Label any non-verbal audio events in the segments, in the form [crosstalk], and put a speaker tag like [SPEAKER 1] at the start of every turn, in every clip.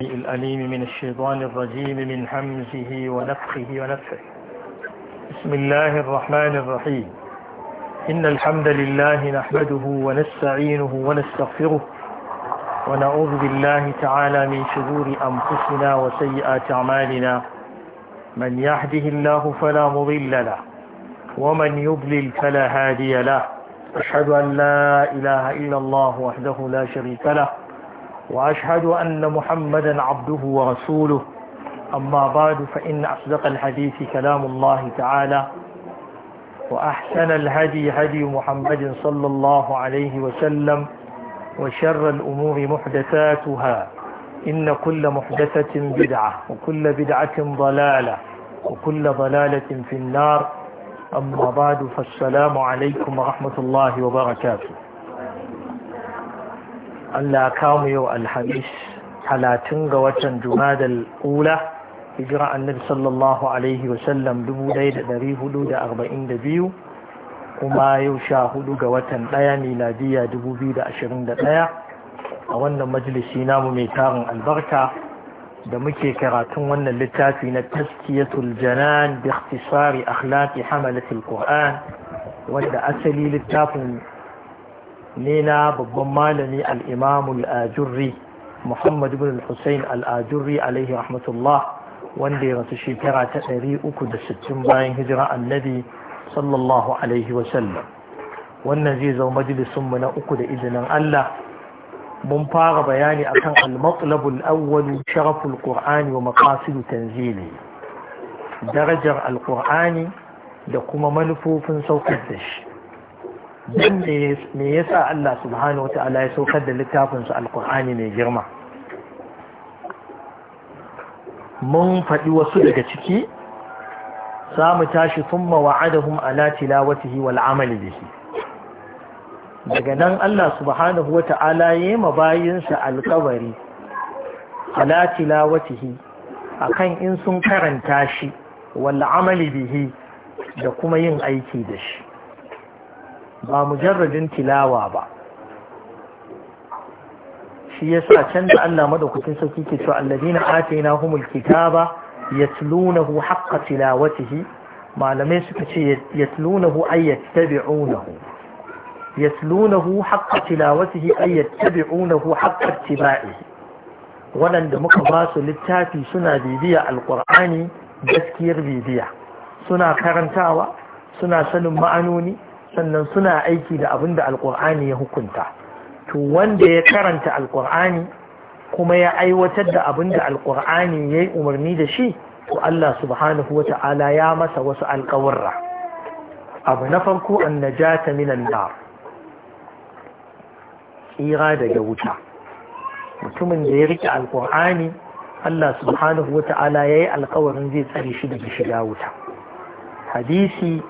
[SPEAKER 1] الأليم من الشيطان الرجيم من حمزه ونفخه ونفخه بسم الله الرحمن الرحيم إن الحمد لله نحمده ونستعينه ونستغفره ونعوذ بالله تعالى من شرور أنفسنا وسيئات أعمالنا من يهده الله فلا مضل له ومن يضلل فلا هادي له أشهد أن لا إله إلا الله وحده لا شريك له وأشهد أن محمدا عبده ورسوله أما بعد فإن أصدق الحديث كلام الله تعالى وأحسن الهدي هدي محمد صلى الله عليه وسلم وشر الأمور محدثاتها إن كل محدثة بدعة وكل بدعة ضلالة وكل ضلالة في النار أما بعد فالسلام عليكم ورحمة الله وبركاته Allah kamu yau alhamis talatin ga watan jumadal ula hijira annabi sallallahu alaihi wasallam dubu ɗaya da hudu da arba'in da biyu kuma yau sha hudu ga watan ɗaya miladiya dubu biyu da ashirin da ɗaya a wannan majalisi namu mai tarin albarka da muke karatun wannan littafi na taskiyatul janan bi ikhtisari akhlaqi hamalatul qur'an wanda asali littafin ne na babban malami al'imamu al'ajurri muhammad ibn hussein al'ajurri alaihi rahmatullah wanda ya rasu shekara ta 360 bayan hijira annabi sallallahu alaihi wasallam wannan zai zama mu na uku da izinin Allah mun fara bayani akan al-matlabul awwal sharaful qur'ani wa maqasidu tanzili darajar al-qur'ani da kuma manufofin saukar da shi dan me ya sa Allah subhanahu ta'ala ya saukar da littafin alkur'ani mai girma mun faɗi wasu daga ciki za mu tashi summa wa'adahum ala tilawatihi wal amali bihi daga nan Allah subhanahu ta'ala ya yi mabayinsa alkawari ala tilawatihi akan in sun karanta shi wal amali bihi da kuma yin aiki da shi ba mujarradin tilawa ba shi yasa can da Allah madaukakin sauki ke cewa alladina atainahumul kitaba hu haƙa tilawatihi malamai suka ce hu ay yattabi'unahu yatlunahu haqqa tilawatihi ay hu haƙa ittiba'ihi waɗanda muka ba su littafi suna bibiya alƙur'ani gaskiyar bibiya suna karantawa suna sanin ma'anoni sannan suna aiki da abin da alkur'ani ya hukunta to wanda ya karanta alkur'ani kuma ya aiwatar da abin da alƙur'ani ya yi umarni da shi to Allah subhanahu wa ta'ala ya masa wasu alƙawarra abu na farko an najata minan nar tsira daga wuta mutumin da ya rike alkur'ani Allah subhanahu wa ta'ala ya yi alƙawarin zai tsare shi daga shiga wuta hadisi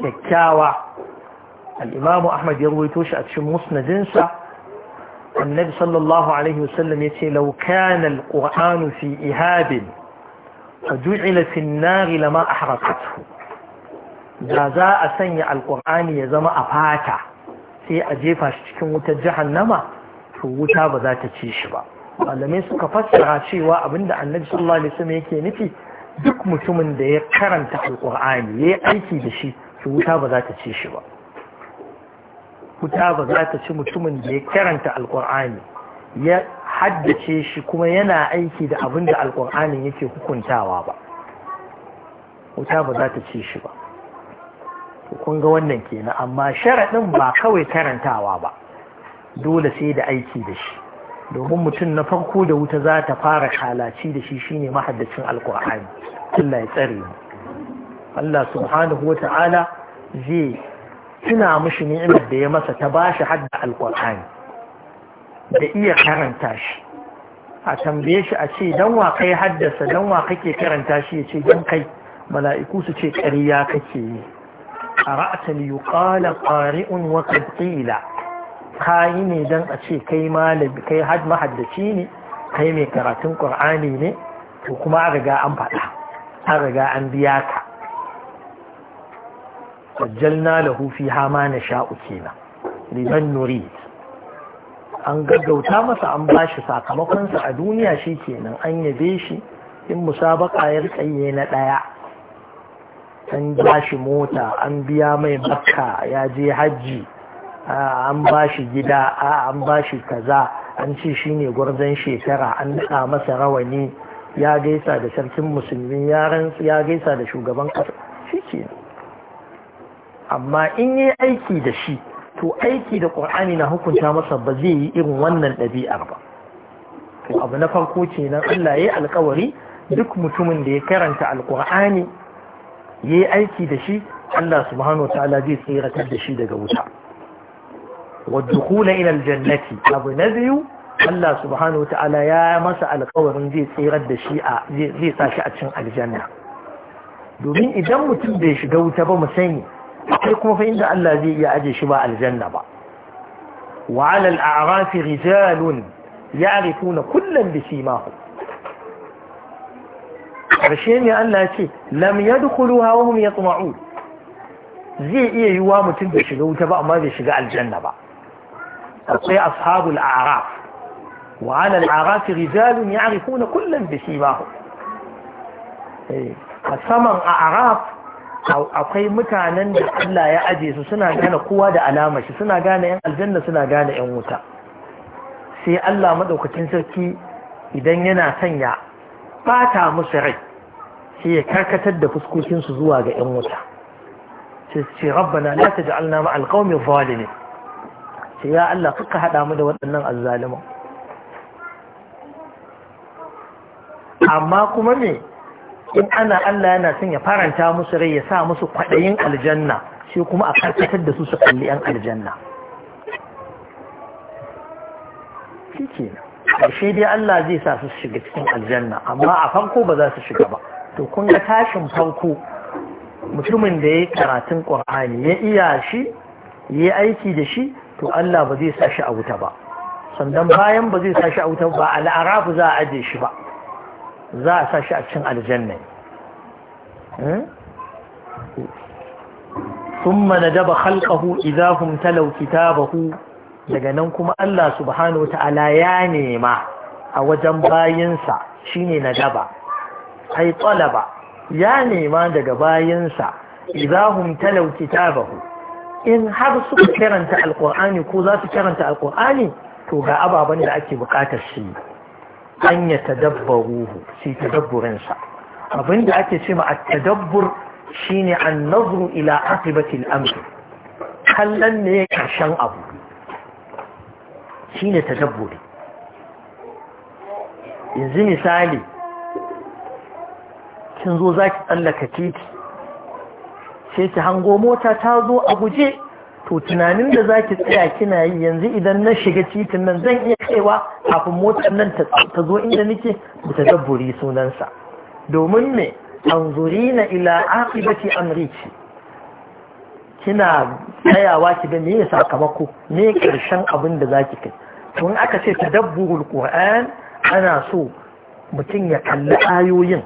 [SPEAKER 1] kyakkyawa al'imamu ahmad ya ruwaito shi a cikin musnadinsa annabi sallallahu alaihi wasallam ya ce laukanan ƙur'anu fi ihabin a ju'ila fi nari lama a harakatu da za a sanya alƙur'ani ya zama a fata sai a jefa shi cikin wutar jahannama to wuta ba za ta ci shi ba malamai suka fassara cewa abinda annabi sallallahu alaihi wasallam yake nufi duk mutumin da ya karanta alkur'ani ya yi aiki da shi su wuta ba za ta ci shi ba wuta ba za ta ci mutumin da ya karanta alkur'ani ya haddace shi kuma yana aiki da abin da alkur'ani yake hukuntawa ba wuta ba za ta ci shi ba kun ga wannan kenan amma sharaɗin ba kawai karantawa ba dole sai da aiki da shi domin mutum na farko da wuta za ta fara kalaci da shi shi ne mahaddacin alkur'ani Allah ya tsare mu Allah subhanahu wa ta'ala zai tuna mashi ni'imar da ya masa ta bashi hadda alkur'ani da iya karanta shi a tambaye shi a ce dan wa kai haddasa dan wa kake karanta shi ya ce dan kai mala'iku su ce ƙarya kake yi A li yuqala qari'un wa qad qila ka yi ne don a ce kai malami kai mahaddaci ne kai mai karatun ƙur'ani ne to kuma a riga an faɗa a riga an biya ka sajjalna da hufi hama na sha'u kenan liman nuri an gaggauta masa an bashi sakamakonsa a duniya shi kenan an yabe shi in musabaka ya rikaye na ɗaya an bashi mota an biya mai makka ya je hajji an ba shi gida a an ba shi kaza an ce shi ne gwarzon shekara an naɗa masa rawani ya gaisa da sarkin musulmi ya gaisa da shugaban ƙasa shi ke amma in yi aiki da shi to aiki da ƙur'ani na hukunta masa ba zai yi irin wannan ɗabi'ar ba to abu na farko nan Allah ya yi alkawari duk mutumin da ya karanta alƙur'ani ya yi aiki da shi Allah subhanahu wa ta'ala zai tsiratar da shi daga wuta والدخول إلى الجنة أبو نذيو الله سبحانه وتعالى يا ما سأل قوه من ذي سيغة الشيعة ذي ساشعة شن الجنة دومين إذا متبش قوت أبو مسيني يقوم فإن الله ذي يأجي شباء الجنة با. وعلى الأعراف رجال يعرفون كل بسيماهم رشين يا الله شيء لم يدخلوها وهم يطمعون زي ايه يوامو تنبش قوت أبو ما ذي شقاء الجنة با. akwai ashabul araf wa ala al-araf rijalun ya'rifuna kullan bi simahu a saman a araf akwai mutanen da Allah ya aje su suna gane kowa da alama shi suna gane yan aljanna suna gane yan wuta sai Allah madaukakin sarki idan yana sanya bata musu rai sai ya karkatar da fuskokinsu zuwa ga yan wuta sai ce rabbana la taj'alna ma'al qaumi zalimin sai ya Allah suka haɗa mu da waɗannan azzaliman amma kuma me in ana Allah yana son ya faranta musu rai ya sa musu kwaɗayin aljanna sai kuma a karkatar da su su kalli yan aljanna shi ke shi dai Allah zai sa su shiga cikin aljanna amma a farko ba za su shiga ba to kun ga tashin farko mutumin da ya karatun ƙur'ani ya iya shi ya aiki da shi to Allah ba zai sa shi a wuta ba sannan bayan ba zai sa shi a wuta ba al'arafu za a aje shi ba za a sa shi a cin aljanna ثم ندب خلقه إذا هم تلوا كتابه daga nan kuma Allah subhanahu ta'ala ya nema a wajen bayinsa shine nadaba ai talaba ya nema daga bayinsa idza hum talaw in har suka karanta alkur'ani ko za su karanta alkur'ani to ga ababen da ake bukatar shi an ya tadabbaruhu shi tadabburinsa abin da ake ce ma a tadabbur ne an nazru ila aqibatil amr kallon ne karshen abu shine tadabburi yanzu misali kin zo zaki tsallaka titi sai ki hango mota ta zo a guje to tunanin da zaki tsaya kina yi yanzu idan na shiga titin nan zan iya kaiwa kafin motar nan ta zo inda nake mu ta dabburi sunansa domin me na ila aqibati amriki kina tsayawa ki ga me sakamako me karshen abin da zaki kai Tun aka ce tadabburul qur'an ana so mutum ya kalli ayoyin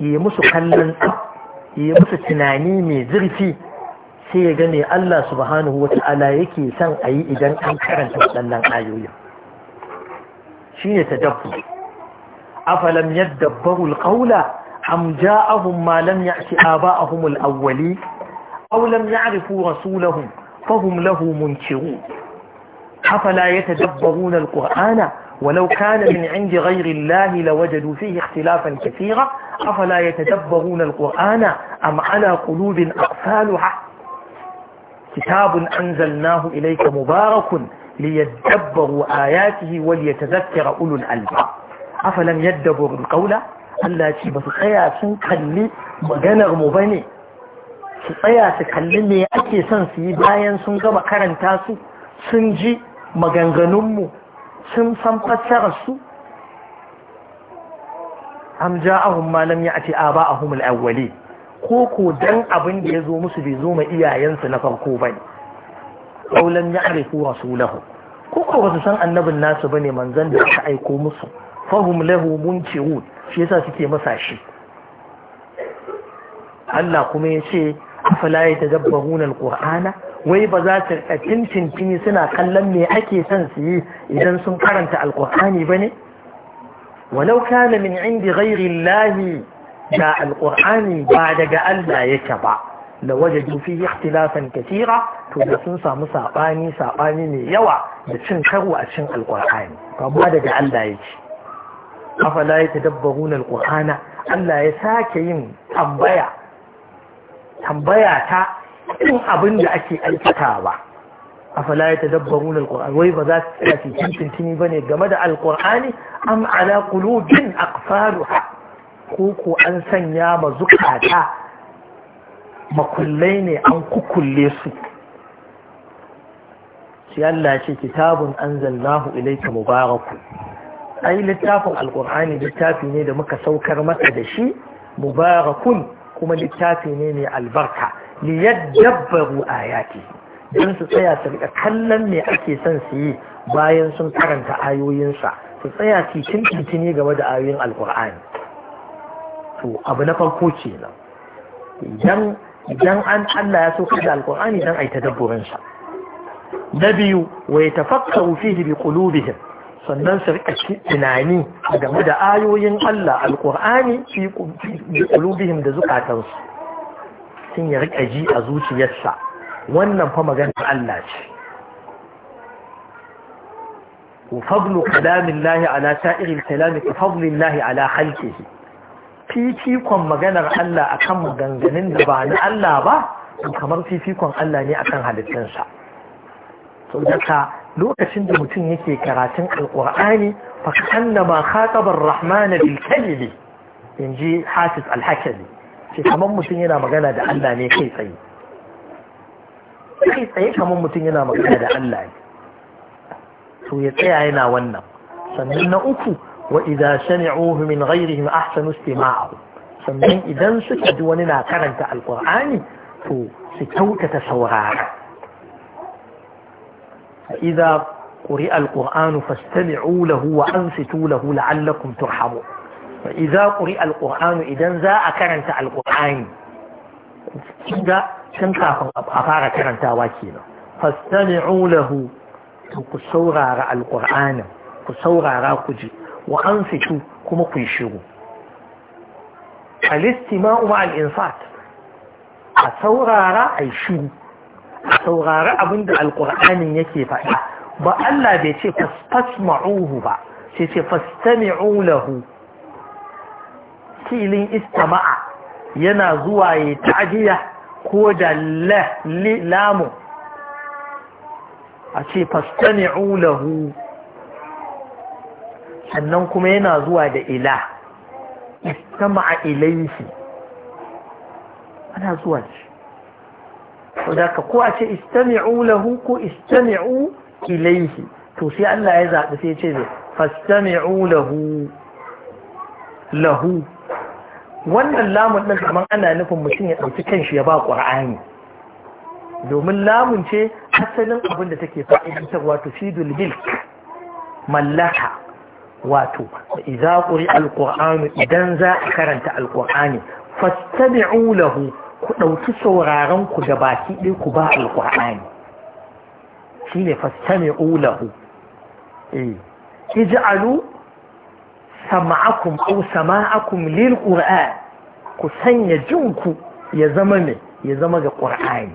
[SPEAKER 1] yi musu kallon tsaf yi musu tunani mai zurfi sai ya gane Allah subhanahu wa ta'ala yake son a yi idan an karanta waɗannan ayoyin shi ne ta dabbu afalam barul ƙaula, am ja'ahum ma lam ya'ti aba'ahum alawwali aw lam ya'rifu rasulahum fahum lahu munkirun afala yatadabbaruna alqur'ana ولو كان من عند غير الله لوجدوا فيه اختلافا كثيرا أفلا يتدبرون القرآن أم على قلوب أقفالها كتاب أنزلناه إليك مبارك ليدبروا آياته وليتذكر أولو الألباب أفلم يدبروا القول Allah ce بس su tsaya sun kalli مبني mu ba ne su tsaya su kalli me ake son sun san fassarar su am ya ce a ba a humul awwali ko ko dan abin da ya zo musu bai zo ma iyayensu na farko bane aw lam ya'rifu rasulahu ko ko wasu san annabin nasu ba ne manzon da aka aiko musu fahum lahu mun munkirun shi yasa suke masa shi Allah kuma ya ce afala yatadabbaruna al-qur'ana wai ba za su cincin suna kallon me ake son su yi idan sun karanta alƙur'ani ba ne walau kana min indi ghairi lahi da alƙur'ani ba daga Allah yake ba da waje dufi ikhtilafan katira to da sun samu saɓani saɓani mai yawa da cin karo a cin alƙur'ani amma daga Allah yake afala ya tadabbaruna alƙur'ana Allah ya sake yin tambaya tambaya ta cikin abin da ake aikatawa afala ya tadabbarun alqur'ani wai ba za su tsaya cikin ba ne game da alkur'ani an ala qulubin aqfaluha ko ko an sanya ma zukata makullai ne an kukulle su sai Allah ce kitabun anzalnahu ilayka mubarakun ai littafin alkur'ani littafi ne da muka saukar masa da shi mubarakun kuma littafi ne mai albarka a ayati don su tsaya su rika kallon me ake son su yi bayan sun karanta ayoyinsa su tsaya su titini game da ayoyin alkur'ani to abu na farko ce nan idan idan an Allah ya so kada alkur'ani dan ai tadabburin sa na biyu wa yatafakkaru fihi bi qulubihim sannan su rika tunani game da ayoyin Allah alkur'ani fi qulubihim da zukatansu mutum ya riƙa ji a zuciyarsa wannan fa maganar Allah ce وفضل كلام Ala على سائر الكلام كفضل الله على خلقه fifikon maganar Allah a kan maganganun da ba na Allah ba kamar fifikon Allah ne a kan halittinsa sau daga lokacin da mutum yake karatun alƙur'ani fa kan ma khatabar rahmana kalili in ji hafiz alhakali ce kamar mutum yana magana da Allah ne kai tsaye kai tsaye kamar mutum yana magana da Allah ne to ya tsaya yana wannan sannan na uku wa idza sami'uhu min ghayrihim ahsanu istima'ahu sannan idan suka ji wani na karanta alqur'ani to su kyautata saurara idza quri'a alqur'anu fastami'u lahu wa ansitu lahu la'allakum turhamun idza quri Alƙur'anu idan za a karanta Alƙur'ani. kinga tun kafin a fara karantawa kenan fastami'u lahu ku saurara Alƙur'anin, ku saurara ku ji wa ansitu kuma ku shiru al-istima'u ma al-insat a saurara yi shiru a saurara abinda Alƙur'anin yake faɗa ba Allah bai ce ma'uhu ba sai ce fastami'u lahu wakilin istama'a yana zuwa ya ta'adiyya ko da lamu a ce fastami'u lahu sannan kuma yana zuwa da ila istama'a ilaihi ana zuwa shi wadaka ko a ce istami'u lahu ko istami'u ilaihi to sai Allah ya zaɓi sai ce fastami'u lahu lahu wannan lamun ɗin kamar ana nufin mutum ya ɗauki kanshi ya ba ƙur'ani domin lamun ce asalin abin da take fa'idantar wato fidul milk mallaka wato idza quri alqur'anu idan za a karanta alqur'ani fastabi'u ulahu ku ɗauki sauraron ku da baki ɗin ku ba alqur'ani shine fastabi'u ulahu eh alu sama'akum ko sama'akum lil qur'an ku sanya jinku ya zama ne ya zama ga qur'ani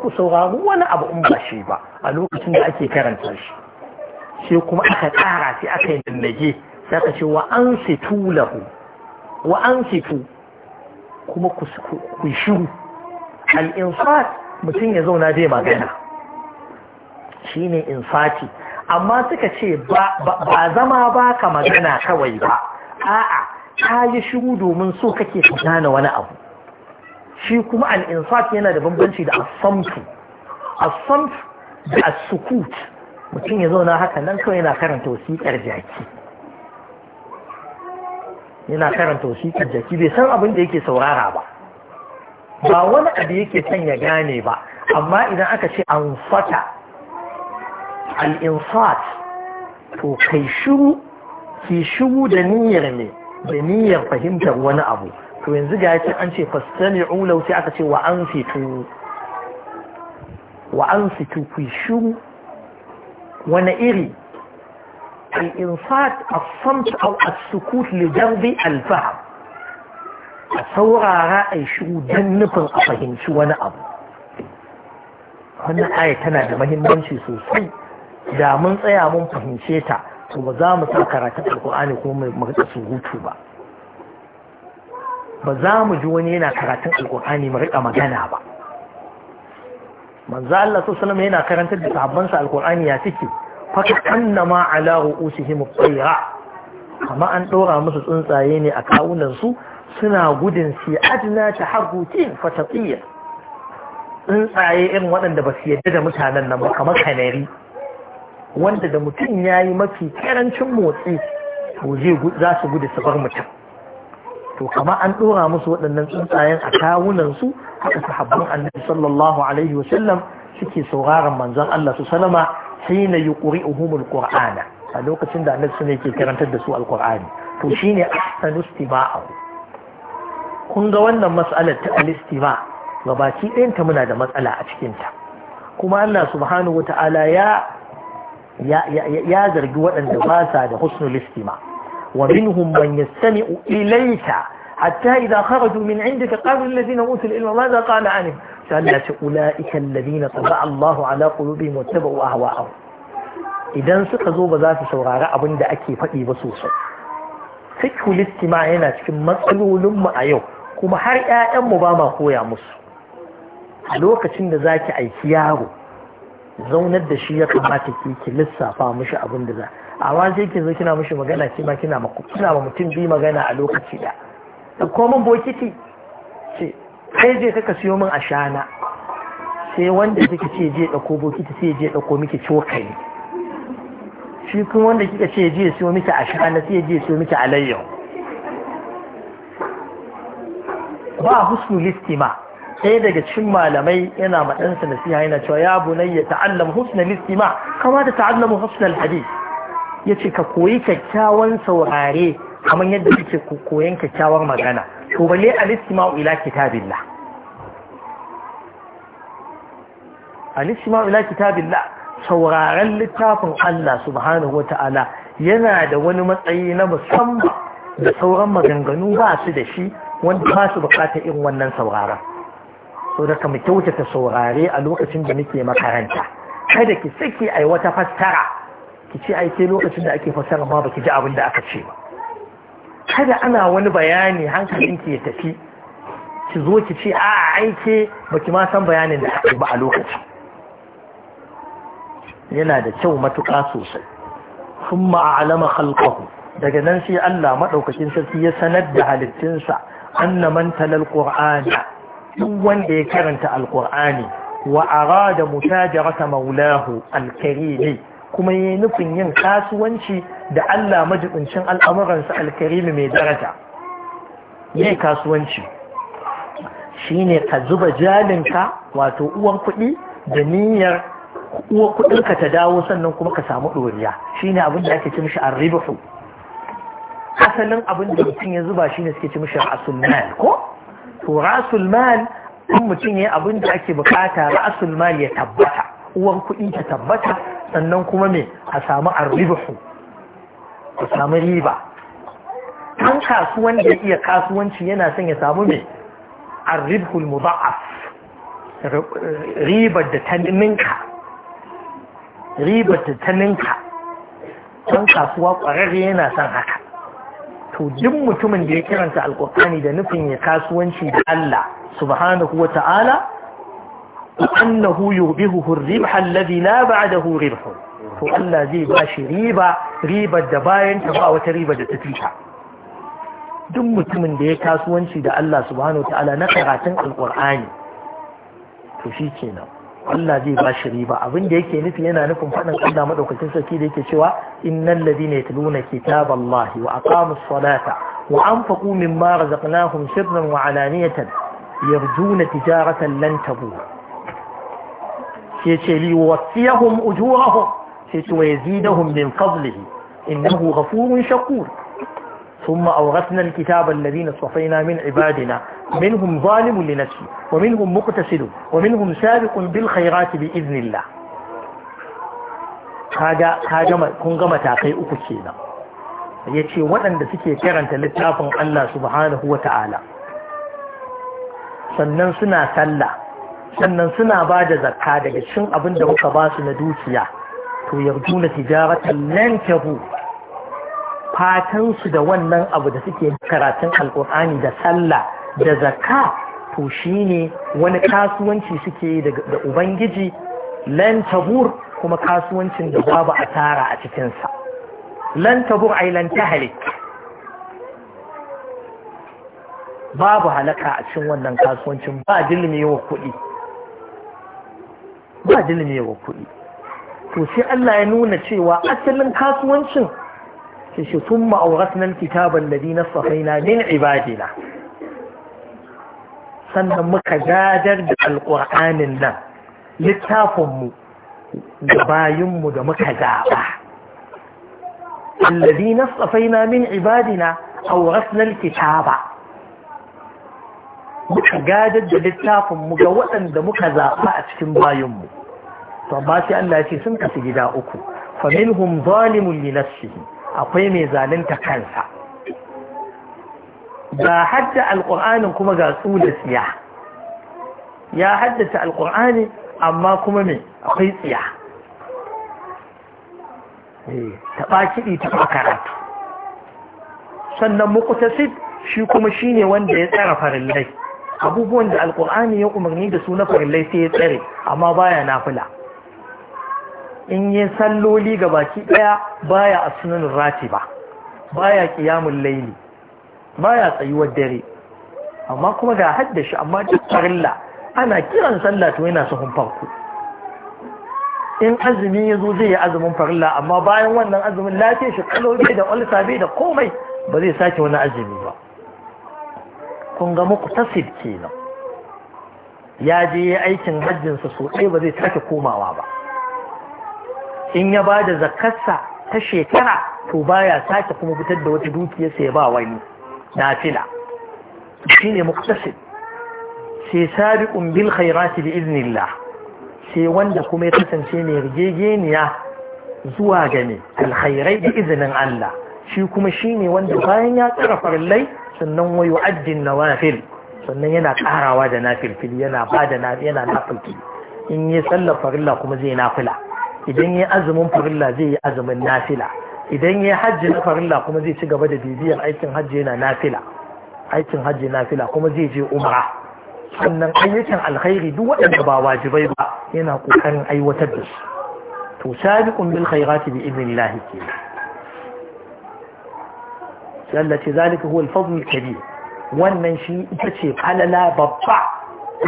[SPEAKER 1] ku sauraro wani abu in ba shi ba a lokacin da ake karanta shi sai kuma aka tsara sai aka yi dallage sai aka ce wa an situ lahu wa an kuma ku shiru al-insat mutum ya zauna zai magana shine insati amma suka ce ba zama ba ka magana kawai ba a'a ta yi shiru domin so kake ka gane wani abu shi kuma al'insaf yana da bambanci da asamtu asamtu da asukut mutum ya zauna haka nan kawai yana karanta wasiƙar jaki yana karanta wasiƙar jaki bai san abin da yake saurara ba ba wani abu yake son ya gane ba amma idan aka ce an fata al'insat to kai shiru ki shiru da niyyar ne da niyyar fahimtar wani abu to yanzu ga yake an ce fastani ulau sai aka ce wa an fito wa an fito ku wani iri al'insat a samt au a sukut lidarbi alfaham a saurara a shiru don nufin a fahimci wani abu wannan aya tana da mahimmanci sosai da mun tsaya mun fahimce ta to ba za mu sa karatun alkur'ani kuma mu rika surutu ba ba za mu ji wani yana karatun alkur'ani mu rika magana ba manzo Allah sallallahu yana karantar da sahabbansa alkur'ani ya ciki fa annama ala ru'usihim tayra amma an dora musu tsuntsaye ne a kawunan su suna gudun si adna fa fatatiya tsuntsaye irin waɗanda ba su yadda da mutanen nan ba kamar kanari wanda da mutum ya yi mafi karancin motsi to za su gudu su bar mutum to kama an dora musu waɗannan tsuntsayen a su haka sahabban annabi sallallahu alaihi wa sallam. suke sauraron manzon Allah su salama na yuqri'uhumul qur'ana a lokacin da annabi suna ke karantar da su alqur'ani to shine ahsanu istima'u kun ga wannan matsalar ta alistima gabaki ɗayan ta muna da matsala a cikinta. kuma Allah subhanahu wa ta'ala ya ya zargi waɗanda ba sa da husnul istima wa minhum man yastami'u ilayka hatta idza kharaju min indika qalu alladhina utul ilma madha qala anhum sallati ce ulaika alladhina taba Allahu ala qulubihim wattaba'u ahwa'ahum idan suka zo ba za su saurari abin da ake faɗi ba sosai fikhul istima yana cikin matsalolinmu a yau kuma har 'ya'yanmu ba ma koya musu a lokacin da zaki aiki yaro zaunar da shi ya kamata ki ki lissafa mishi abin da za a sai ki zo kina mishi magana ki ma kina kina ma mutum bi magana a lokaci da da komin bokiti ce kai je kaka siyo min ashana sai wanda kika ce je dauko bokiti sai je dauko miki cokali shi kuma wanda kika ce je siyo miki ashana sai je siyo miki alayyahu ba husnul istima ɗaya daga cikin malamai yana ma ɗansa nasiha yana cewa ya bunayya ta'allam husnal istima kama da ta'allamu husnal Ya yace ka koyi kyakkyawan saurare kamar yadda kake koyan kyakkyawar magana to balle al-istima'u ila kitabillah al-istima'u ila kitabillah sauraren littafin Allah subhanahu wata'ala yana da wani matsayi na musamman da sauran maganganu ba su da shi wanda ba su bukata irin wannan sauraron so daga mu kyautata saurare a lokacin da muke makaranta kada ki saki a wata fassara ki ce ai sai lokacin da ake fassara ma baki ji abin da aka ce ba kada ana wani bayani hankalin ki ya tafi ki zo ki ce a aike baki ma san bayanin da aka ba a lokacin yana da kyau matuƙa sosai sun alama halkahu daga nan sai Allah maɗaukacin sarki ya sanar da halittinsa annaman talal ƙur'ana duk wanda ya karanta alkur'ani wa arada mutajarata maulahu alkarimi kuma yayi nufin yin kasuwanci da Allah majibincin al'amuransa alkarimi mai daraja yayi kasuwanci shine ka zuba jalinka wato uwan kuɗi da niyyar uwa kuɗinka ta dawo sannan kuma ka samu ɗoriya shine abin da ake ci mishi arribahu asalin abin da mutum ya zuba shine suke ci mishi asunnan ko to rasul mal in mutum ya abin da ake bukata rasul mal ya tabbata uwan kuɗi ta tabbata sannan kuma me a samu arribahu a samu riba an kasuwan da iya kasuwanci yana son ya samu me arribhul mudha'af ribar da ta ninka ribar da ta ninka kasuwa ƙwararre yana son haka to duk mutumin da ya kiranta alkur'ani da nufin ya kasuwanci da Allah subhanahu wa ta'ala annahu yubihu ribha alladhi la ba'dahu ribhu to Allah zai ba shi riba ribar da bayan ta ba wata riba da ta fita duk mutumin da ya kasuwanci da Allah subhanahu wa ta'ala na karatun alkur'ani to shikenan Allah zai ba shi riba abin da yake nufi yana nufin faɗin Allah madaukakin sarki da yake cewa innal ladina yatluna kitaballahi wa aqamus salata wa anfaqu mimma razaqnahum sirran wa alaniyatan yarjuna tijaratan lan tabur sai li wasiyahum ujurahum sai ce wa yazidahum min fadlihi innahu ghafurun shakur ثم أورثنا الكتاب الذين اصطفينا من عبادنا منهم ظالم لنفسه ومنهم مقتصد ومنهم سابق بالخيرات بإذن الله هذا كن غم تاقي أكتشينا يتشي وأن دسكي كرنت لتافن الله سبحانه وتعالى sannan suna sallah sannan suna ba da zakka daga cin abin da muka ba su na dukiya to yarjuna tijaratan lan tabu fatansu da wannan abu da suke karatun alkur'ani da sallah da zakka to shine wani kasuwanci suke da ubangiji lan tabur kuma kasuwancin da babu asara a cikinsa lan tabur ai lan babu halaka a cikin wannan kasuwancin ba wa kuɗi ba wa kuɗi to sai Allah ya nuna cewa asalin kasuwancin shi sun ma'auratun kitaban da dina safaina min ibadina sannan muka gadar da alƙur'anin nan littafinmu da bayinmu da muka zaɓa allazi nasafaina min ibadina awrasna alkitaba muka gadar da littafinmu ga waɗanda muka zaɓa a cikin bayinmu to sai Allah ya ce sun kasu gida uku faminhum zalimun li nafsihi akwai mai zalunta kansa ga hadda alqur'anin kuma ga tsula tsiya ya haddata alqur'ani amma kuma me akwai tsiya taɓa kiɗi taɓa karatu sannan muqtasid shi kuma shi ne wanda ya tsara farillai abubuwan da Alƙur'ani ya umarni da su na farillai sai ya tsare amma baya na nafila in yi salloli ga baki ɗaya baya a sunan rati ba baya ƙiyamun laili baya tsayuwar dare amma kuma ga haddashi amma duk farilla ana kiran sallah to yana sahun farko in azumi ya zo zai yi azumin farilla amma bayan wannan azumin lafiya shi kalobe da olsa bai da komai ba zai sake wani azumi ba kun ga muku tasir kenan ya je aikin hajjinsa sosai ɗaya ba zai sake komawa ba in ya ba da zakarsa ta shekara to baya sake kuma fitar da wata dukiyarsa ya ba wani na fila shi ne muktasin. sai sabi bil khairati bi iznillah sai wanda kuma ya kasance mai rigegeniya zuwa ga ne alkhairai da izinin Allah shi kuma shi ne wanda bayan ya tsara farallai sannan wayo addin nawafil sannan yana karawa da nafilfil yana ba da yana in yi sallar farilla kuma zai nafila idan ya azumin farilla zai yi azumin nafila idan ya hajji na farilla kuma zai ci gaba da bibiyar aikin hajji yana nafila aikin hajji nafila kuma zai je umara sannan ayyukan alkhairi duk waɗanda ba wajibai ba yana kokarin aiwatar da su to sabiqun bil khairati bi idnillah ke Allah ce zalika huwa al kabir wannan shi ita ce falala babba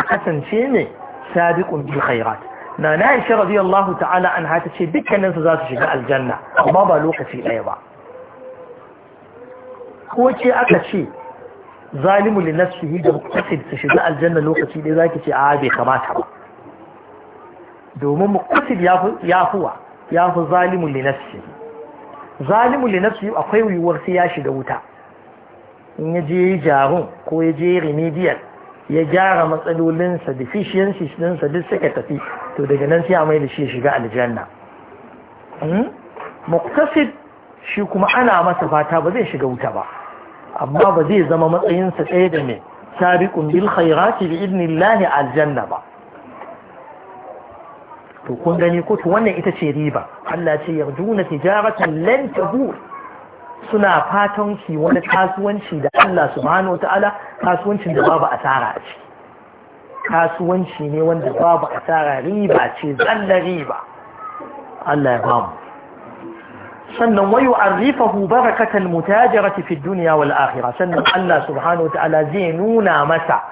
[SPEAKER 1] kasance ne sabiqun bil khairati na na ishe radiyallahu ta'ala an hata ce dukkaninsu za su shiga aljanna amma ba lokaci ɗaya ba ko ce aka ce zalimu li nafsihi da muqtasid su shiga aljanna lokaci ɗaya zaki ce a bai kamata ba domin muqtasid ya huwa ya fi zalimu li nafsihi zalimu li nafsihi akwai yiwuwar sai ya shiga wuta in ya je jarun ko ya je remedial ya gyara matsalolinsa deficiencies ɗinsa duk suka tafi to daga nan sai a mai da shi shiga aljanna hmm? muktasid shi kuma ana masa fata ba zai shiga wuta ba amma ba zai zama matsayinsa ɗaya da mai sabiqun bil khairati bi idnillahi aljanna ba to kun gani ko to wannan ita ce riba Allah ce yarjuna tijaratan lan tabur suna fatan ki wani kasuwanci da Allah subhanahu ta'ala kasuwancin da babu asara a ciki kasuwanci ne wanda babu asara riba ce zalla riba Allah ya bamu sannan wayu arrifahu barakatal mutajarati fi dunya wal akhirah sannan Allah subhanahu ta'ala zai nuna masa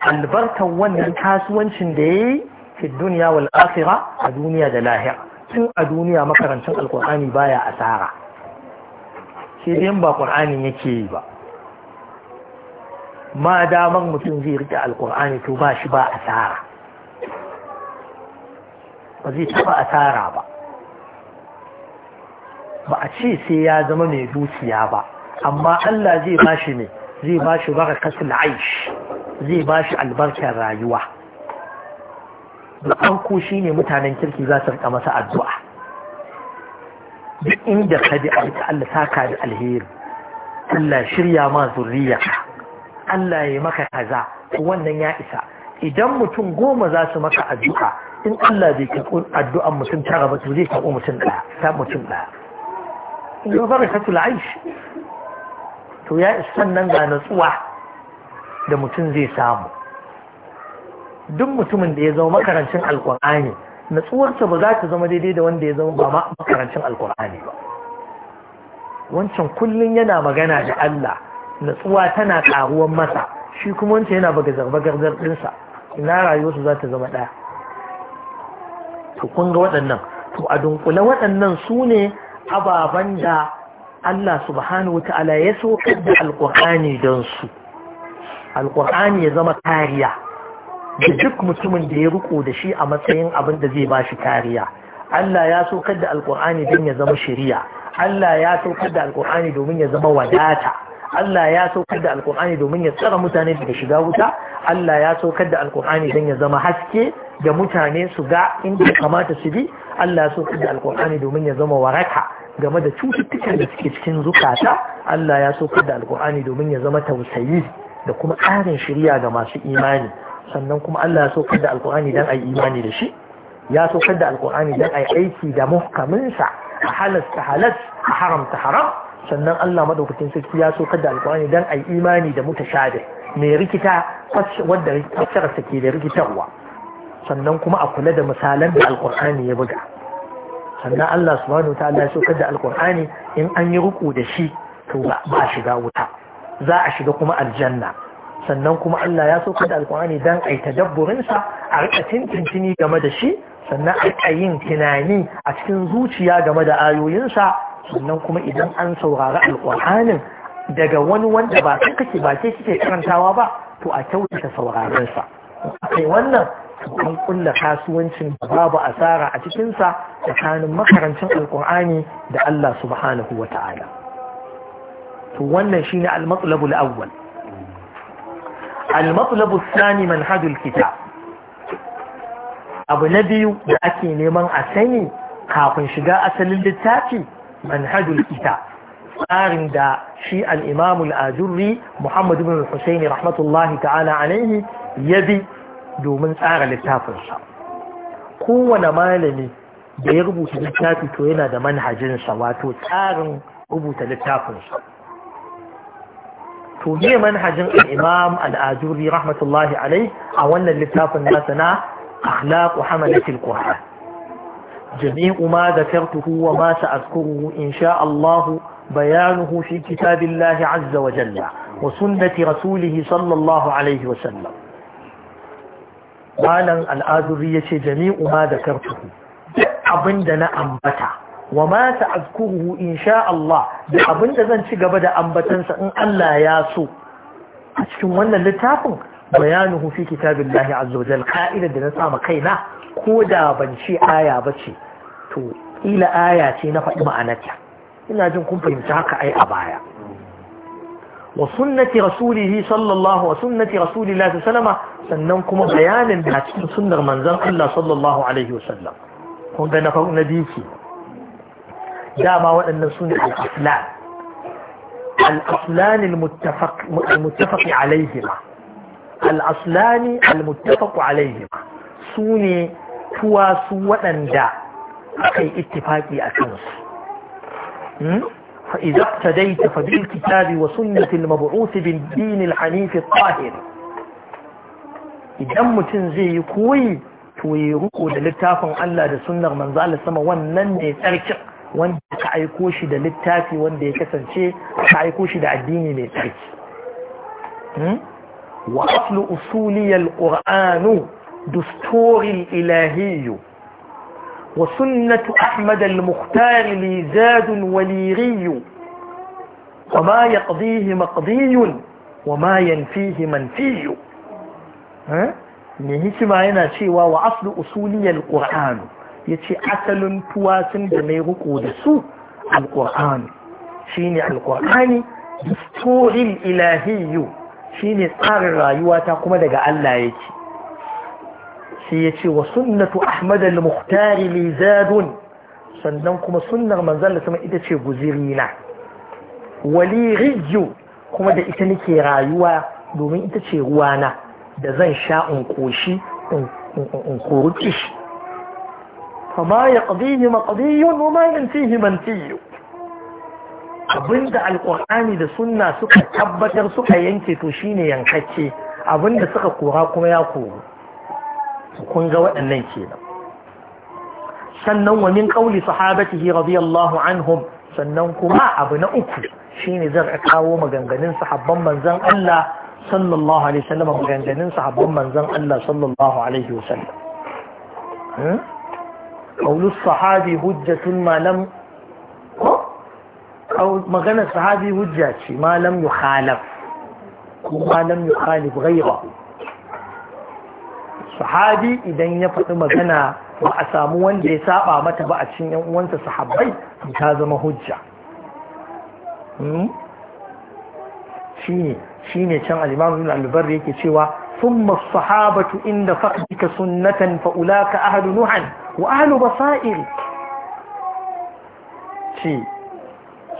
[SPEAKER 1] albarkan wannan kasuwancin da yayi fi dunya wal akhirah a duniya da lahira tun a duniya makarantar alqur'ani baya asara sai dai ba ƙur'anin yake yi ba ma damar mutum zai rike alƙur'ani to ba shi ba asara ba zai taɓa asara ba ba a ce sai ya zama mai dukiya ba amma Allah zai ba shi ne zai ba shi kasul aish zai ba shi albarkar rayuwa da shi ne mutanen kirki za su rika masa addu'a duk inda ka ji Allah saka da alheri Allah shirya ma zuriyarka Allah ya maka kaza wannan ya isa idan mutum goma za su maka addu'a in Allah bai karɓi addu'an mutum ta ba to zai karɓi mutum ɗaya ta mutum ɗaya ya fara ka tula to ya isa nan ga natsuwa da mutum zai samu duk mutumin da ya zama makarancin alƙur'ani natsuwarsa ba za ta zama daidai da wanda ya zama ba makarancin alkur'ani ba wancan kullum yana magana da Allah natsuwa tana karuwan masa shi kuma wancan yana bagar ɗinsa ina rayuwarsu za ta zama ɗaya to kun ga waɗannan to a dunkule waɗannan su ne ababen da Allah subhanahu wa ta'ala ya so da alkur'ani don su alkur'ani ya zama kariya da duk mutumin da ya riko da shi a matsayin abin da zai ba shi kariya Allah ya saukar da alkur'ani don ya zama shari'a Allah ya saukar da alkur'ani domin ya zama wadata Allah ya saukar da alkur'ani domin ya tsara mutane daga shiga wuta Allah ya saukar da alkur'ani don ya zama haske da mutane su ga inda kamata su bi Allah ya saukar da alkur'ani domin ya zama waraka game da cututtukan da suke cikin zukata Allah ya saukar da alkur'ani domin ya zama tausayi da kuma ƙarin shirya ga masu imani sannan kuma Allah ya saukar da alkur'ani dan ayi imani da shi ya saukar da alkur'ani dan ayi aiki da muhkaminsa a halasta halas a haramta haram sannan Allah madaukakin sarki ya saukar da alkur'ani dan ai imani da mutashabih mai rikita wadda fassararsa ke da rikitarwa sannan kuma a kula da misalan da alkur'ani ya buga sannan Allah subhanahu wa ta'ala ya saukar da alkur'ani in an yi ruku da shi to ba a shiga wuta za a shiga kuma aljanna sannan kuma Allah ya sauka da alkur'ani dan ai tadabburinsa a rika tintintini game da shi sannan a rika yin tunani a cikin zuciya game da ayoyinsa sannan kuma idan an saurari alkur'anin daga wani wanda ba kai kake ba ke kike karantawa ba to a kyautata saurarinsa kai wannan an kulla kasuwancin babu asara a cikinsa tsakanin makarancin alkur'ani da Allah subhanahu wa ta'ala to wannan shine al-matlabul awwal
[SPEAKER 2] al-matlabu
[SPEAKER 1] thani manhajul kitab abu na biyu da ake neman a sani kafin shiga asalin littafi manhajul kitab tsarin da shi al-imam Muhammadu bin Muhammad rahmatullahi ta'ala alaihi ya bi domin tsara littafinsa kowane malami da ya rubuta littafi to yana da manhajinsa wato tsarin rubuta littafinsa to ne manhajin al-imam al-ajuri rahmatullahi alai a wannan littafin nasa na akhlaqu hamalatil qur'an jami'u ma zakartuhu wa ma sa'azkuruhu insha Allah bayanuhu fi kitabillahi azza wa jalla wa sunnati rasulih sallallahu alaihi wa sallam malan al-ajuri yace jami'u ma zakartuhu abinda na ambata wa ma ta'azkuruhu insha Allah da abinda zan ci gaba da ambatansa in Allah ya so a cikin wannan littafin bayanuhu fi kitabillahi azza wajal ka'ida da na sama kaina ko da ban ci aya ba ce to ila aya ce na faɗi ma'anarta ina jin kun fahimci haka ai a baya wa sunnati rasulihi sallallahu wa sunnati rasulillahi sallama sannan kuma bayanin da cikin sunnar manzon Allah sallallahu alaihi wasallam kun ga na biyu dama waɗannan su ne al'aflan al'aflan al alaihima al'aslani al-muttafaƙi alaihima su ne tuwasu waɗanda aka yi ittifaƙi a kansu فإذا اقتديت فبالكتاب وسنة المبعوث بالدين الحنيف الطاهر idan mutum zai yi koyi to yi ruko littafin Allah da sunnar manzala sama wannan ne tsarkin wanda ka aiko shi da littafi wanda ya kasance ka aiko shi da addini mai tsarki wa aslu usuliyal qur'anu dusturil ilahiyyu wa sunnatu ahmad al-mukhtar li zadun waliriyu wa ma yaqdihi maqdiyun wa ma yanfihi manfiyu ne hikima yana cewa wa aslu usuliyal qur'anu ya ce asalin sun da mai riko da su alƙur'ani shi ne alƙur'ani distorin ilahiyu shi ne tsarin rayuwa ta kuma daga Allah ya ce. sai ya ce wa sunnatu ahmad al mai lizadun sannan kuma sunnar manzan da sama ita ce guzirina wali rijiyo kuma da ita nake rayuwa domin ita ce ruwana da zan sha in koshi in koruki shi فما يقضيه مقضي وما ينفيه منفي abinda alkur'ani da sunna suka tabbatar suka yanke to shine yankacce abinda suka kora kuma ya koru kun ga waɗannan kenan sannan wa min qauli sahabatihi radiyallahu anhum sannan kuma abu na uku shine zan kawo maganganun sahabban manzon Allah sallallahu alaihi wasallam maganganun sahabban manzon Allah sallallahu alaihi wasallam قول الصحابي malam, ما لم أو مغنى الصحابي هجة ما لم يخالف وما لم يخالف غيره sahabi idan ya faɗi magana ba a samu wanda ya saba mata ba a cikin yan uwansa sahabbai ta zama hujja shine ne can a imam Ibn al yake cewa thumma as-sahabatu inda faqdika sunnatan fa'ulaka ulaka nuhan wa ahlu basairi ce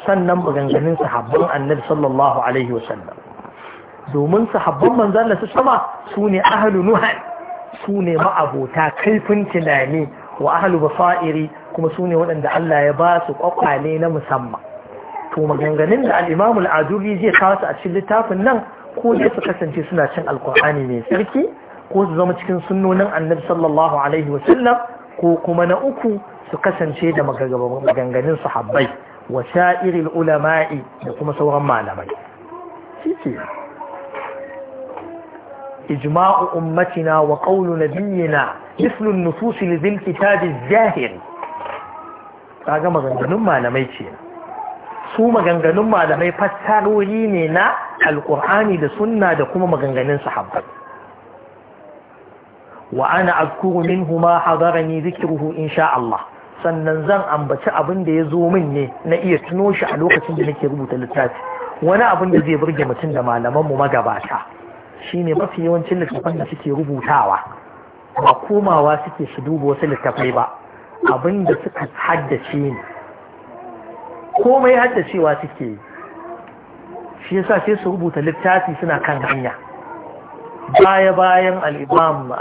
[SPEAKER 1] sannan maganganun sahabban annabi sallallahu alaihi wasallam domin sahabban manzan su sama su ne ahalu nuhan su ne ma'abota kaifin tunani wa ahlu basairi kuma su ne waɗanda Allah ya ba su kwakwale na musamman to maganganun da al-Imam al-Ajuri zai kawo a cikin littafin nan ko dai su kasance suna cin alkur'ani mai sarki ko su zama cikin sunnonin annabi sallallahu alaihi wa sallam ko kuma na uku su kasance da maganganun sahabbai wa sha'iril ulama'i da kuma sauran malamai shike ijma'u ummatina wa qawlu nabiyyina mislu an-nusus li dhil kitab az-zahir kaga maganganun malamai ce su maganganun malamai fassarori ne na alqur'ani da sunna da kuma maganganun sahabbai wa ana azkuru minhu ma hadarani zikiruhu insha Allah sannan zan ambaci abin da ya zo min ne na iya tuno shi a lokacin da nake rubuta littafi wani abin da zai burge mutum da malamanmu magabata shine mafi yawancin littafan da suke rubutawa ba komawa suke su duba wasu littafai ba abin da suka haddace ne komai haddacewa suke yi shi yasa sai su rubuta littafi suna kan hanya باية باية الإمام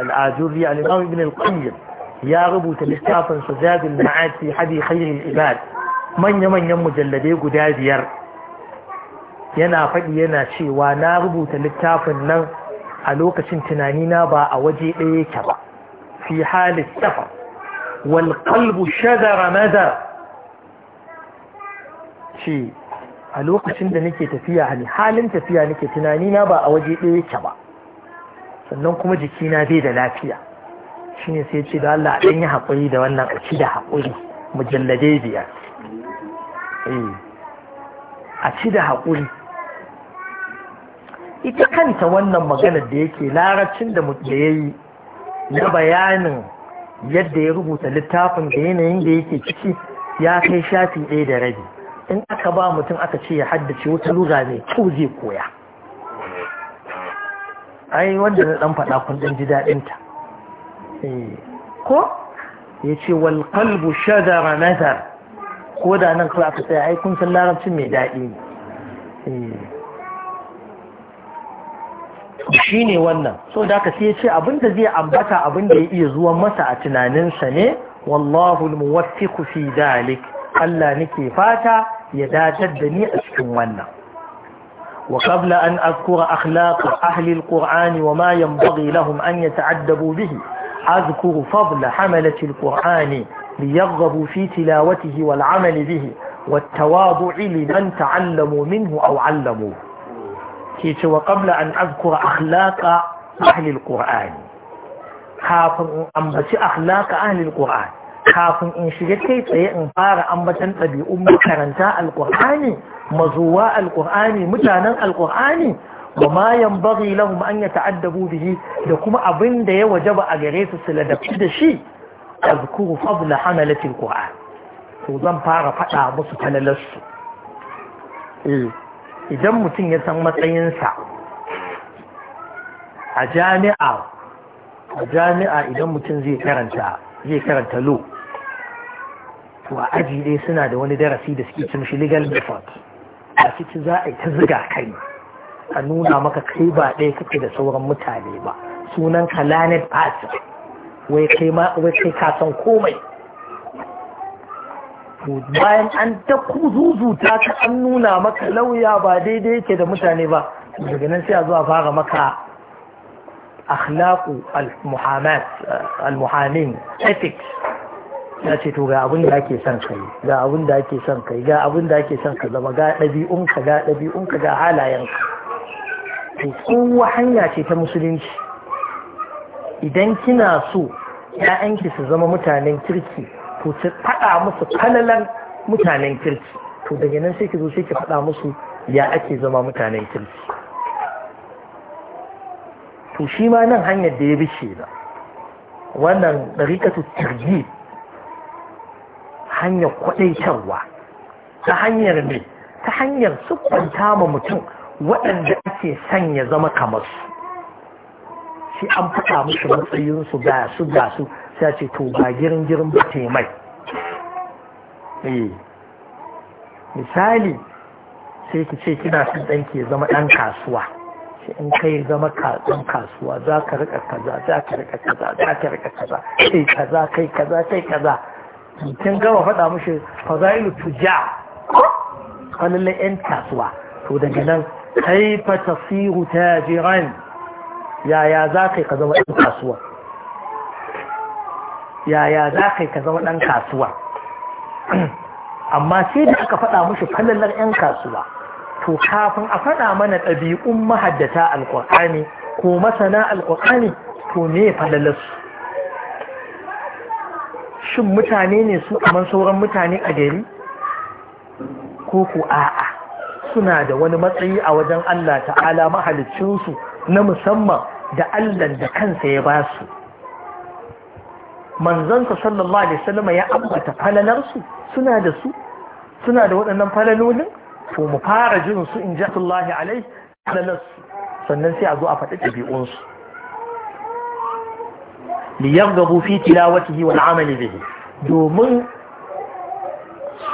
[SPEAKER 1] الآجري الإمام ابن القيم يا ربو تلسافا سجاد المعاد في حدي خير العباد من يمن يم مجلده قداد ير ينا فدي ينا شي وانا ربو تلسافا لن ألوك سنتنانينا با أوجي إيك با في حال السفر والقلب شذر مذر شي ألوك سنتنانيكي تفيا حالا تفيا نكي تنانينا با أوجي إيك با sannan kuma jikina bai da lafiya shi ne sai ce da Allah a ɗanyi haƙuri da wannan a ci da haƙuri mujalladai biyar eh, a ci da haƙuri ita kanta wannan maganar da yake larabcin da ya yi na bayanin yadda ya rubuta littafin da yanayin da yake ciki ya kai shafi ɗaya da rabi in aka ba mutum aka ce ya haddace wata lura mai kyau zai koya ai wanda na dan faɗa kun dan ji daɗinta. ta eh, ko ya ce wal qalbu shadara nazar ko da nan kawai aka tsaya ai kun san larabcin mai daɗi ne eh, shi ne wannan so da aka sai ce abinda zai ambata abinda ya iya zuwa masa a tunaninsa ne wallahu muwaffiqu fi dalik Allah nake fata ya datar da ni a cikin wannan وقبل أن أذكر أخلاق أهل القرآن وما ينبغي لهم أن يتعدبوا به أذكر فضل حملة القرآن ليرغبوا في تلاوته والعمل به والتواضع لمن تعلموا منه أو علموا وقبل أن أذكر أخلاق أهل القرآن kafin ambaci أخلاق أهل القرآن kafin in shiga kai tsaye in fara ambatan ɗabi'un makaranta alƙur'ani mazuwa alƙur'ani mutanen alƙur'ani wa ma yanbaghi lahum an yata'addabu bihi da kuma abin da ya wajaba a gare su su ladabci da shi azkuru fadla hamalatil qur'an to zan fara faɗa musu falalarsu eh, idan mutum ya san matsayinsa a jami'a a jami'a idan mutum zai karanta zai karanta lo to a aji dai suna da wani darasi da suke cin shi legal method a ciki za a yi ta ziga kai a nuna maka kai ba ɗaya kake da sauran mutane ba sunan ka lanet pass wai kai ka san komai bayan an ta ka an nuna maka lauya ba daidai yake da mutane ba daga nan sai a zuwa fara maka akhlaqu al-muhamat al ethics ya ce to ga abin da ake son kai ga abin da ake son kai ga abin da ake son ka zama ga ɗabi'unka ga ka ga halayenka to kowa hanya ce ta musulunci idan kina so ‘ya'yanki su zama mutanen kirki to su faɗa musu kalalan mutanen kirki to daga nan sai ki zo sai ki faɗa musu ya ake zama mutanen kirki to shi ma nan hanyar da ya bi ba wannan ɗariƙatu tarjih hanyar kwaɗaitarwa ta hanyar ne, ta hanyar sukwanta ma mutum waɗanda ake sanya zama kamar su shi an faɗa musu matsayinsu ga su ga su sai ce to ba girin girin ba taimai eh. misali sai ki ce kina son ɗan ke zama ɗan kasuwa sai in kai zama ɗan kasuwa za ka riƙa kaza za ka riƙa kaza za ka riƙa kaza kai kaza kai kaza kai kaza kin gama faɗa mushi fazailu tuja kwallon yan kasuwa to daga nan kaifa tasiru tajiran yaya za kai ka zama ɗan kasuwa yaya za kai ka zama ɗan kasuwa [clears throat] amma sai da aka faɗa mushi kwallon yan kasuwa to kafin a faɗa mana ɗabi'un mahaddata alƙur'ani ko masana alƙur'ani to me falalarsu shin mutane ne su kamar sauran mutane a gari ko ku a'a suna da wani matsayi a wajen Allah ta'ala mahalicinsu na musamman da Allah da kansa ya ba su manzansa sallallahu alaihi wasallam ya ambata falalarsu suna da su suna da waɗannan falalolin to mu fara jin su in ji Allah alaihi sannan sai a zo a faɗi ɗabi'unsu liyargabu fi tilawatihi wal amali bihi domin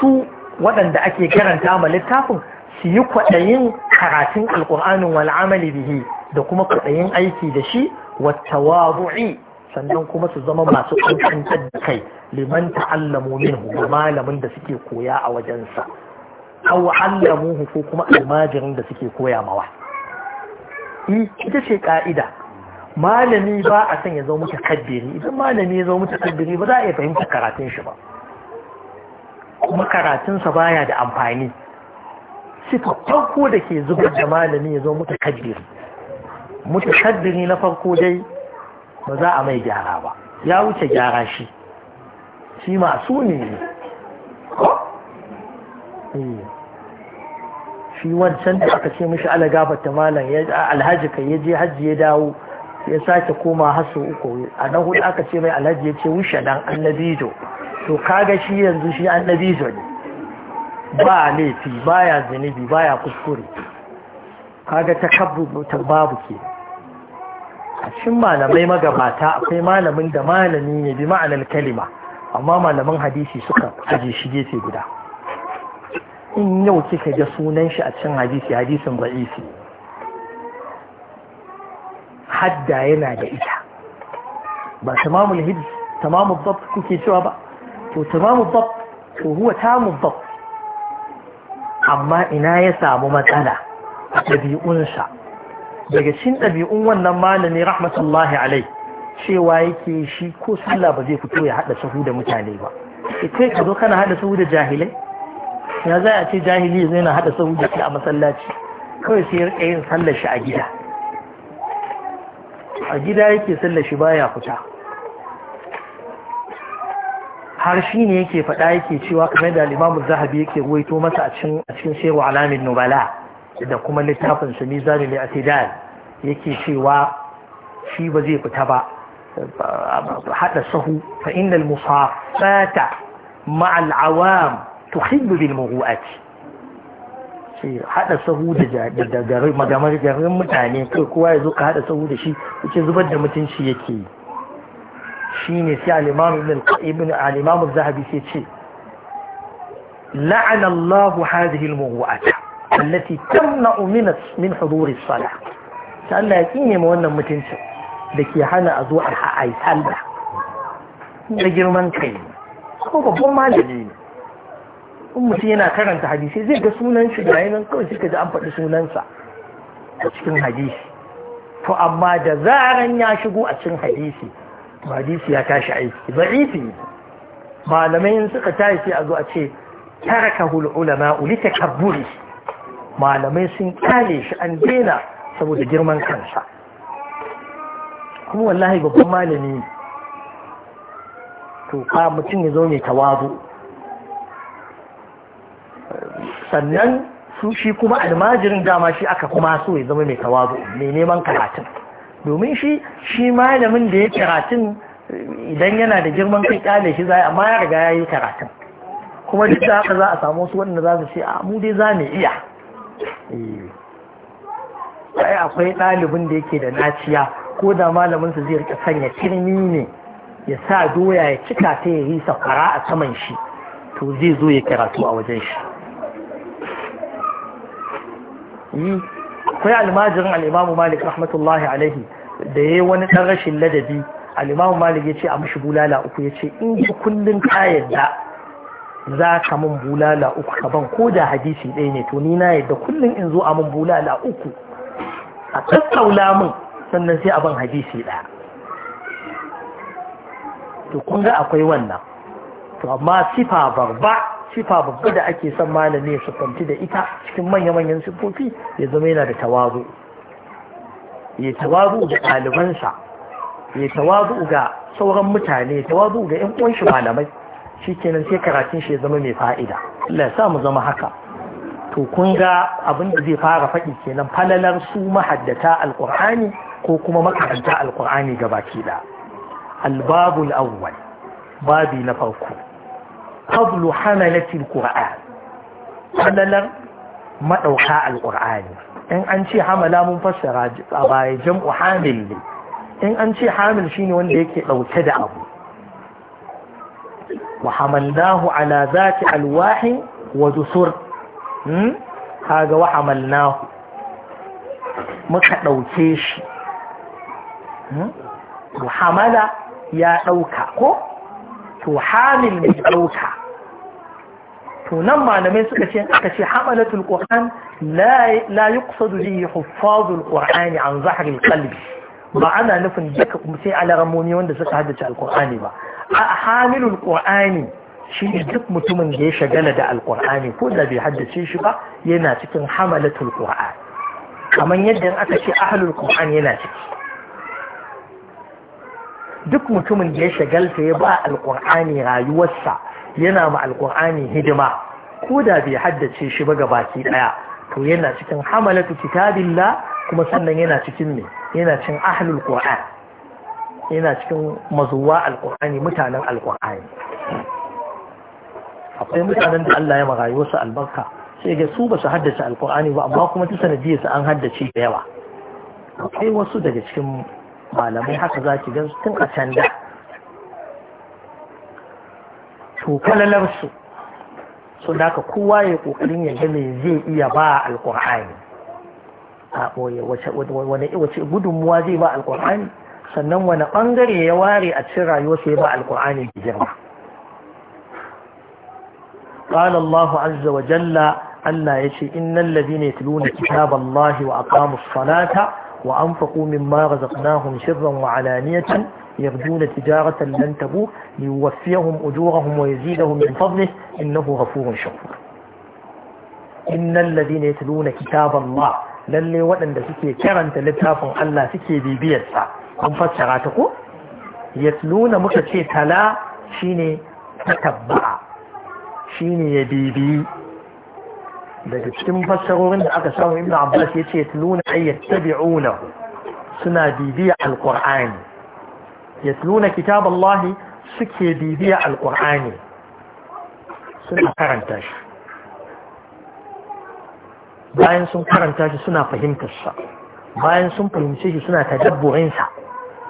[SPEAKER 1] su waɗanda ake karanta ma littafin su yi kwaɗayin karatun alƙur'anin wal amali bihi da kuma kwaɗayin aiki da shi wattawabu'i sannan kuma su zama masu kankantar da kai liman ta'allamu minhu malamin da suke koya a wajensa aw allamuhu ko kuma almajirin da suke koya mawa ita ce ka'ida malami ba a san ya zo mutu kaddiri idan malami ya zo mutu kaddiri ba za a yi fahimta karatun shi ba kuma karatunsa baya da amfani sifa farko da ke zubar da malami ya zo mutu kaddiri mutu kaddiri na farko dai ba za a mai gyara ba ya wuce gyara shi shi masu ne ne. Eh. shi wancan da aka ce mishi alagabata gabata malam alhaji kai ya je hajji ya dawo ya sake koma hasu uku a nan hudu aka ce mai alhaji ya ce wushe dan annabijo to kaga shi yanzu shi annabijo ne ba laifi ba zinibi zunubi ya kuskure kaga ta babu ke a cikin malamai magabata akwai malamin da malami ne bi ma'anar kalima amma malaman hadisi suka aje shi gefe guda in yau kika ga sunan shi a cikin hadisi hadisin ba'isi hadda yana da ita ba tamamul hibs tamamul dab kuke cewa ba to tamamul dab to huwa tamul dab amma ina ya samu matsala a sa daga cikin ɗabi'un wannan malami rahmatullahi alai cewa yake shi ko sallah ba zai fito ya haɗa sahu da mutane ba eh, kai ka zo kana hada sahu da jahilai ya za a ce jahili zai na haɗa sahu da shi a masallaci kawai sai ya rika yin sallar shi a gida a gida yake sallashi baya fita har shi ne yake faɗa yake cewa kamar da alimamu zahabi yake ruwaito masa a cikin shehu alamin nubala da kuma littafin su mizanu a tidal yake cewa shi ba zai fita ba haɗa sahu fa innal musafata ma'al awam tuhibbu bil muru'ati haɗa sahu da garin mutane kai kowa ya zo ka haɗa sahu da shi yake zubar da mutunci yake yi shi ne sai alimamu zahabi sai ce la'ana allahu hadhihi almuwata allati tamna'u min min huduri sala ta Allah ya kinye ma wannan mutuncin da ke hana a zo a ha'ai sallah da girman kai ko babban malami ne in mutum yana karanta hadisi zai ga sunan shi da yanayin kawai suka ji an faɗi sunansa a cikin hadisi to amma da zaran ya shigo a cikin hadisi ba hadisi ya tashi aiki ifi malamai suka tashi sai a zo a ce tarakahul ulama uli takabburi malamai sun kyale shi an dena saboda girman kansa kuma wallahi babban malami to ka mutum ya zo mai tawazu sannan su shi kuma almajirin dama shi aka kuma so ya zama mai tawazu mai neman karatun domin shi shi malamin da ya karatun idan yana da girman kai kyale shi zai amma ya riga ya yi karatun kuma duk da haka za a samu su wanda za su ce a mu dai za mu iya sai eh. akwai ɗalibin da yake da naciya ko da malamin su zai rika sanya kirmi ne ya sa doya ya cika ta ya yi safara a saman shi to zai zo ya karatu a wajen shi yi akwai almajirin al'imamu malik rahmatullahi alaihi da ya yi wani ɗan rashin ladabi al'imamu malik ya ce a mashi bulala uku ya ce in ji kullum ka yadda za ka min bulala uku ka ban ko da hadisi ɗaya ne to ni na yadda kullum in zo a min bulala uku a tattaula min sannan sai a ban hadisi ɗaya to kun ga akwai wannan to amma sifa barba sifa babba da ake son malami ya sufanti da ita cikin manya-manyan sifofi ya zama yana da tawazu ya tawazu ga ɗalibansa ya tawazu ga sauran mutane ya tawazu ga 'yan uwanshi malamai shi kenan sai karatun shi ya zama mai fa'ida Allah ya sa mu zama haka to kun ga abin da zai fara faɗi kenan falalar su mahaddata alƙur'ani ko kuma makaranta alƙur'ani gabaki da albabul awwal babi na farko fadlu hamalati alquran fadalar madauka alqur'ani in an ce hamala mun fassara a jam'u hamil ne in an ce hamil shine wanda yake dauke da abu wa hamalnahu ala zati alwahi wa dusur hmm? kaga wa hamalnahu muka dauke shi hmm? wa hamala ya dauka ko to hamil mai ɗauka to nan malamai suka ce aka ce hamalatul qur'an la yuqsadu bihi huffazul qur'an an zahril qalbi ba ana nufin duka sai alaramoni wanda suka haddace alqur'ani ba a hamilul qur'ani shi ne duk mutumin da ya shagala da alqur'ani ko da bai haddace shi ba yana cikin hamalatul qur'an kamar yadda aka ce ahlul qur'an yana ciki duk mutumin da ya shagalta ya ba alkur'ani rayuwarsa yana ma alkur'ani hidima ko da bai haddace shi ba baki daya to yana cikin hamalatu kitabillah kuma sannan yana cikin ne yana cikin ahlul qur'an yana cikin mazuwa alkur'ani mutanen alkur'ani akwai mutanen da Allah ya marayuwarsa albarka sai ga su ba su haddace alkur'ani ba amma kuma ta sanadiyarsa an haddace da yawa akwai wasu daga cikin malamai haka za ki gan su tun a can da to falalarsu so da ka kowa ya kokarin ya ga me zai iya ba alkur'ani a ɓoye wace gudunmuwa zai ba alkur'ani sannan wani ɓangare ya ware a cikin rayuwarsa ya ba alkur'ani da girma قال الله عز وجل ألا يشي إن الذين يتلون كتاب الله وأقاموا الصلاة وأنفقوا مما رزقناهم شرا وعلانية يرجون تجارة لن تبوه ليوفيهم أجورهم ويزيدهم من فضله إنه غفور شكور إن الذين يتلون كتاب الله لن ودن ده سكي كران تلتاف ألا سكي بي بي السع أنفسراتكو يتلون مكتشي تلا شيني تتبع شيني يبي بي. daga cikin fassarorin da aka samu ibn abbas ya ce tuluna ay yattabi'una suna bibiya alqur'ani yatluna kitab allah suke bibiya alqur'ani suna karanta shi bayan sun karanta shi suna fahimtar sa bayan sun fahimce shi suna tadabburin sa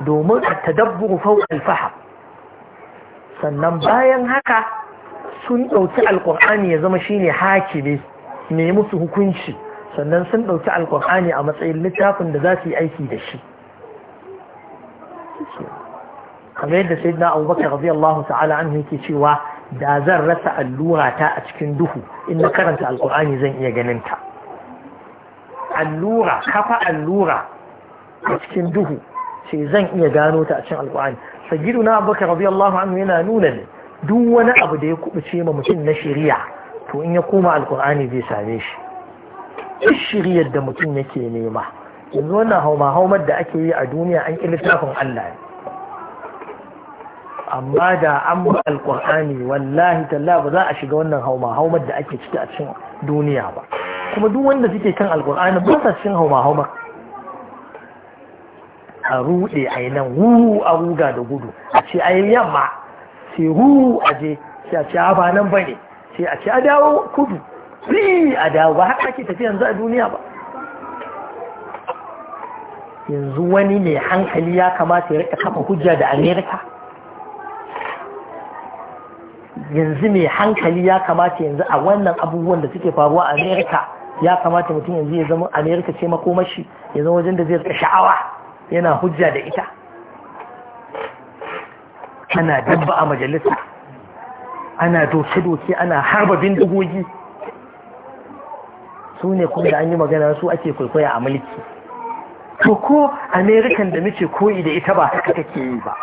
[SPEAKER 1] domin tadabburu fawqa al-fahm sannan bayan haka sun dauki alqur'ani ya zama shine hakimi ne musu hukunci sannan sun ɗauki alkur'ani a matsayin littafin da za su yi aiki da shi kamar yadda sai na abubakar radiyallahu ta'ala an yake cewa da zan rasa allura ta a cikin duhu in na karanta alkur'ani zan iya ganin ta allura kafa allura a cikin duhu ce zan iya gano ta a cikin alkur'ani sajidu na abubakar radiyallahu anhu yana nuna ne duk wani abu da ya kubuce ma mutum na shari'a to in ya koma alkur'ani zai same shi duk shiriyar da mutum yake nema yanzu wannan hauma haumar da ake yi a duniya an ƙi littafin Allah ne amma da an ba alkur'ani wallahi talla ba za a shiga wannan hauma haumar da ake ciki a cikin duniya ba kuma duk wanda suke kan alkur'ani ba sa cikin hauma haumar a ruɗe a yi nan wuru a ruga da gudu a ce a yi yamma sai ruru a je sai a ce a ba nan ba ne sai a ce a dawo kudu ri a dawo ba haka ake tafi yanzu a duniya ba yanzu wani mai hankali ya kamata ya rika kafa hujja da amerika yanzu mai hankali ya kamata yanzu a wannan abubuwan da suke faruwa a amerika ya kamata mutum yanzu ya zama amerika ce makomashi ya zama wajen da zai rika sha'awa yana hujja da ita ana dabba a majalisa ana doce-doce ana harba bindigogi su ne kuma da an yi magana su ake kwaikwaya a mulki to ko amerikan da muke koyi da ita ba haka kake yi ba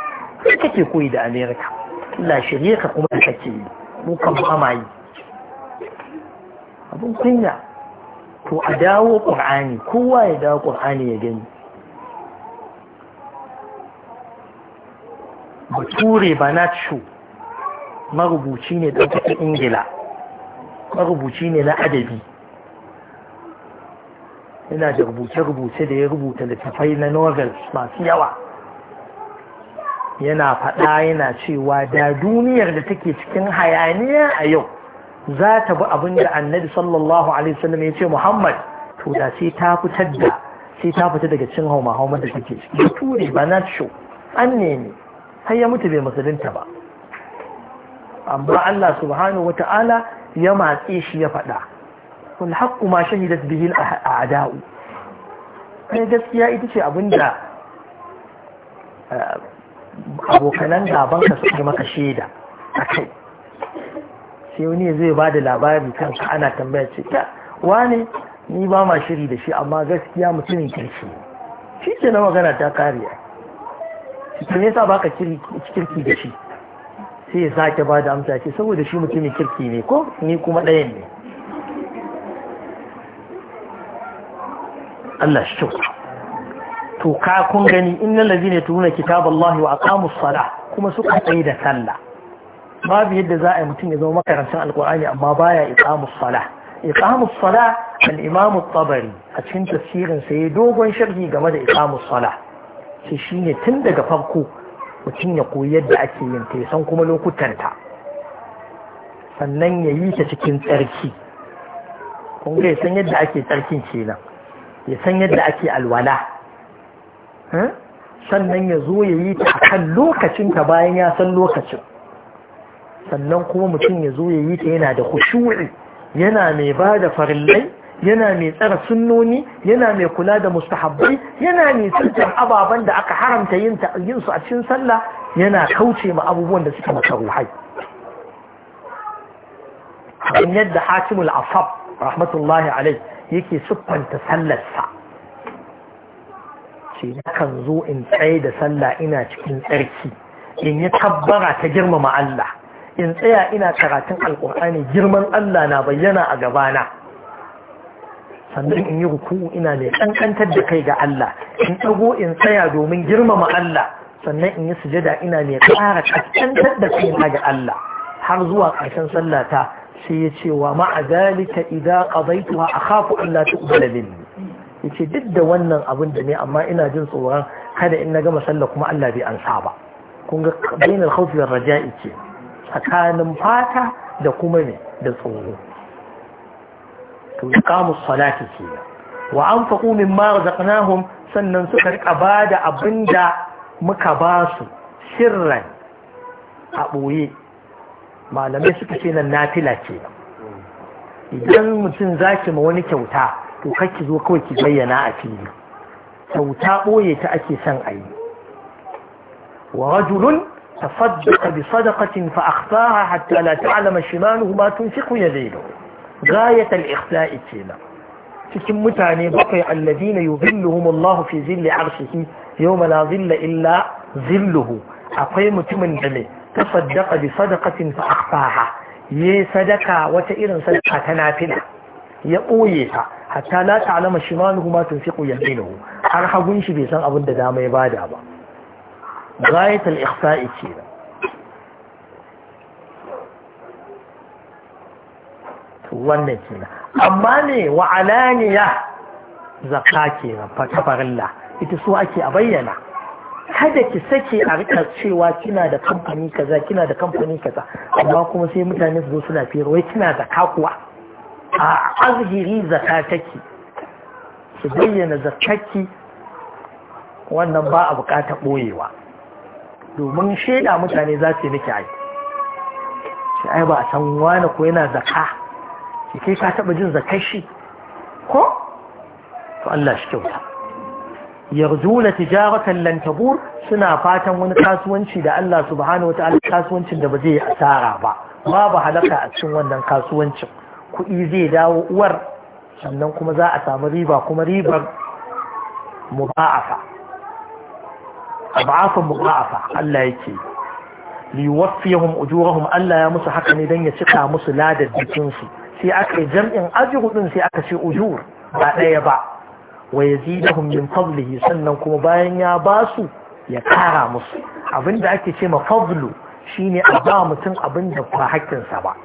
[SPEAKER 1] kake koyi da amerika la shirye ka kuma kake yi mu kan fama yi abin kunya to a dawo ƙur'ani kowa ya dawo ƙur'ani ya gani bature ba na ciwo marubuci ne don kasar ingila marubuci ne na adabi yana da rubuce-rubuce da ya rubuta littattafai na novels masu yawa yana faɗa yana cewa da duniyar da take cikin hayaniya a yau za ta bi abin da annabi sallallahu alaihi wasallam ya ce muhammad to da sai ta fitar da sai ta fita daga cin hauma hauma da take ciki ture ba na an ne ne har ya mutu bai musulunta ba amma Allah subhanahu wa ta'ala ya matse shi ya faɗa kun haƙƙu ma shahidat bihi adau kai gaskiya ita ce abinda eh, abokanan gaban ka suka maka shaida a kai sai wani zai ba da labari kanka ana tambaya ce ta wani ni ba ma shiri da shi amma gaskiya mutumin kirki shi ce na magana ta kariya shi ne sa ka kirki da shi sai ya sake ba da amsa ce saboda shi mutumin kirki ne ko ni kuma ɗayan ne Allah shi to ka kun gani innal ladina tuna kitaballahi wa aqamus salah kuma suka tsaye da sallah babu yadda za a yi mutum ya zama makarantar alkur'ani amma baya iqamus salah iqamus salah al-imam at-tabari a cikin tafsirin saye dogon sharhi game da iqamus sala shi shine tun daga farko mutum ya koyi yadda ake yin ta san kuma lokutanta sannan ya yi ta cikin tsarki kun ga san yadda ake tsarkin kenan ya san yadda ake alwala sannan ya zo ya yi ta a kan ta bayan ya san lokacin sannan kuma mutum ya zo ya yi ta yana da kushu'i yana mai ba da farillai yana mai tsara sunnoni yana mai kula da mustahabbai yana mai tsarkin ababen da aka haramta yin su a cikin sallah yana kauce ma abubuwan da suke ruhai. in yadda hatimul asab rahmatullahi alai yake siffanta sallarsa ce kan zo in tsaye da sallah ina cikin tsarki in yi tabbara ta girmama Allah in tsaya ina karatun alkur'ani girman Allah na bayyana a gabana sannan in yi ruku ina mai ƙanƙantar da kai ga Allah in ɗago in tsaya domin girmama Allah sannan in yi sujada ina mai ƙara ƙasƙantar da kai ga Allah har zuwa ƙarshen sallata sai ya ce wa ma'a zalika idza qadaytuha akhafu an la tuqbala minni yace duk da wannan abin da ne amma ina jin tsoron kada in na gama sallah kuma Allah bai ansa ba kun ga bainal khawfi war raja'i ce tsakanin fata da kuma ne da tsoro to iqamus salati ce wa anfaqu mimma razaqnahum sannan suka rika abin abinda muka ba su Shirran. a ɓoye. malamai suka ce nan nafila ce idan mutum zaki ma wani kyauta to kake zo kawai ki bayyana a fili kyauta ɓoye ta ake son a yi wa rajulun تصدق بصدقة فأخفاها حتى لا تعلم شماله ما تنفق يديه gayatal ikhla'i kenan cikin mutane bakwai alladina yuzilluhum Allah fi zilli arshihi yawma la zilla illa zilluhu akwai mutumin da ne tasaddaqa bi sadaqatin fa akhfaha Ya sadaka wata irin sadaka ta nafila ya ɓoye ta hatta la ta'lama shimaluhu ma tunfiqu yaminuhu har hagun shi bai san abin da dama ya bada ba ghayatul ikhfa'i kenan wannan na amma ne wa alaniya zaka kenan fatafarilla ita so ake a bayyana kada ki sake a rika cewa kina da kamfani kaza kina da kamfani kaza amma kuma sai mutane su zo suna fira wai kina da kuwa a azhiri zaka take ki bayyana ke wannan ba a bukata boyewa domin shaida mutane za su yi ai ai ba a san wani ko yana zaka kai ka taba jin zakar shi ko to Allah shi kyauta yarzuna tijaratan lan tabur suna fatan wani kasuwanci da Allah subhanahu wataala kasuwancin da ba zai asara ba babu halaka a cikin wannan kasuwancin kuɗi zai dawo uwar sannan kuma za a samu riba kuma ribar muba'afa abu'afin muba'afa Allah yake liwaffiyahum ujurahum Allah ya musu haka ne dan ya cika musu ladar jikinsu sai aka yi jam'in ajiru din sai aka ce ujur ba ɗaya ba wa da min fadlihi sannan kuma bayan ya basu ya kara musu abinda ake ce ma fadlu shine a ba mutum abin da ba hakkinsa ba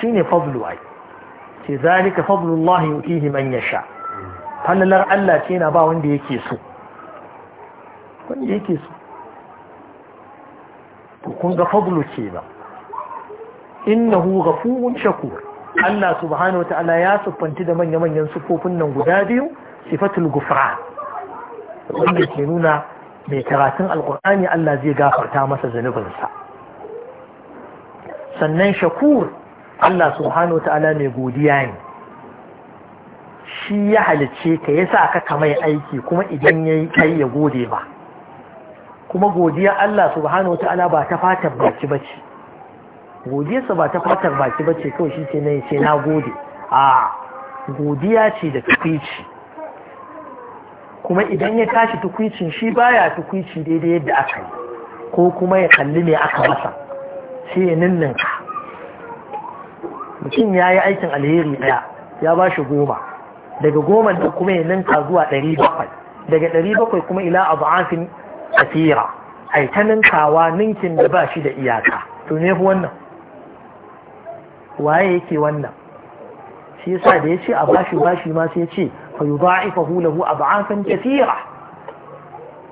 [SPEAKER 1] Shi ne fablu a yi. ce zalika fadlullahi yutihi man sha. fallalar Allah ce na ba wanda yake so wanda yake so to kun ga fablu ke ba innahu ghafurun shakur Allah subhanahu wa ta'ala ya siffanci da manya-manyan siffofin nan guda biyu sifatul gufran wanda ke nuna mai karatun alkur'ani Allah zai gafarta masa zunubinsa sannan shakur Allah subhanahu wa ta'ala mai godiya ne shi ya halicce ka yasa ka mai aiki kuma idan ya yi kai ya gode ba kuma godiya Allah subhanahu wa ta'ala ba ta fata baki ba ce godiyarsa ba ta fatar baki ba ce kawai shi ce na ce na gode a godiya ce da tukwici kuma idan ya tashi tukwicin shi baya tukwici daidai yadda aka yi ko kuma ya kalli ne aka masa sai ya ka. mutum ya yi aikin alheri ɗaya ya ba shi goma daga goma da kuma ya ninka zuwa ɗari bakwai daga ɗari bakwai kuma ila abu afin kasira ai ta ninkawa ninkin da ba shi da iyaka to ne wannan waye yake wannan shi yasa da ya ce a bashi bashi ma sai ya ce fa yudha'ifahu lahu ad'afan kathira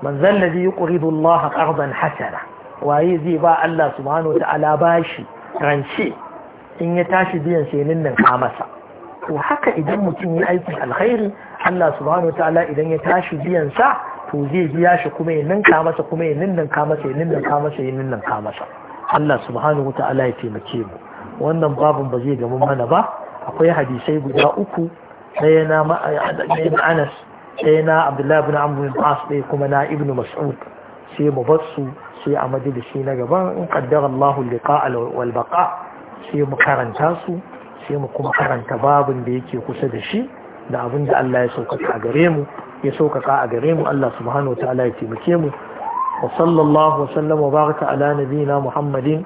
[SPEAKER 1] man zal ladhi yuqridu Allah qardan hasana waye zai ba Allah subhanahu ta'ala bashi rance in ya tashi biyan sai nan ka masa to haka idan mutum ya aikin alkhairi Allah subhanahu ta'ala idan ya tashi biyan sa to zai biya shi kuma ya ninka masa kuma ya ninka masa ya ninka masa ya ninka masa Allah subhanahu ta'ala ya taimake mu wannan babin ba zai gamu mana ba akwai hadisai guda uku ɗaya na anas ɗaya na abdullahi bin amr bin as ɗaya kuma na ibn mas'ud sai mu bar su sai a majalisi na gaba in qaddara Allah liqa wal baqa sai mu karanta su sai mu kuma karanta babin da yake kusa da shi da abin da Allah ya sauƙaƙa a gare mu ya sauƙaƙa a gare mu Allah subhanahu wa ta'ala ya taimake mu wa sallallahu wa sallama wa baraka ala nabiyina Muhammadin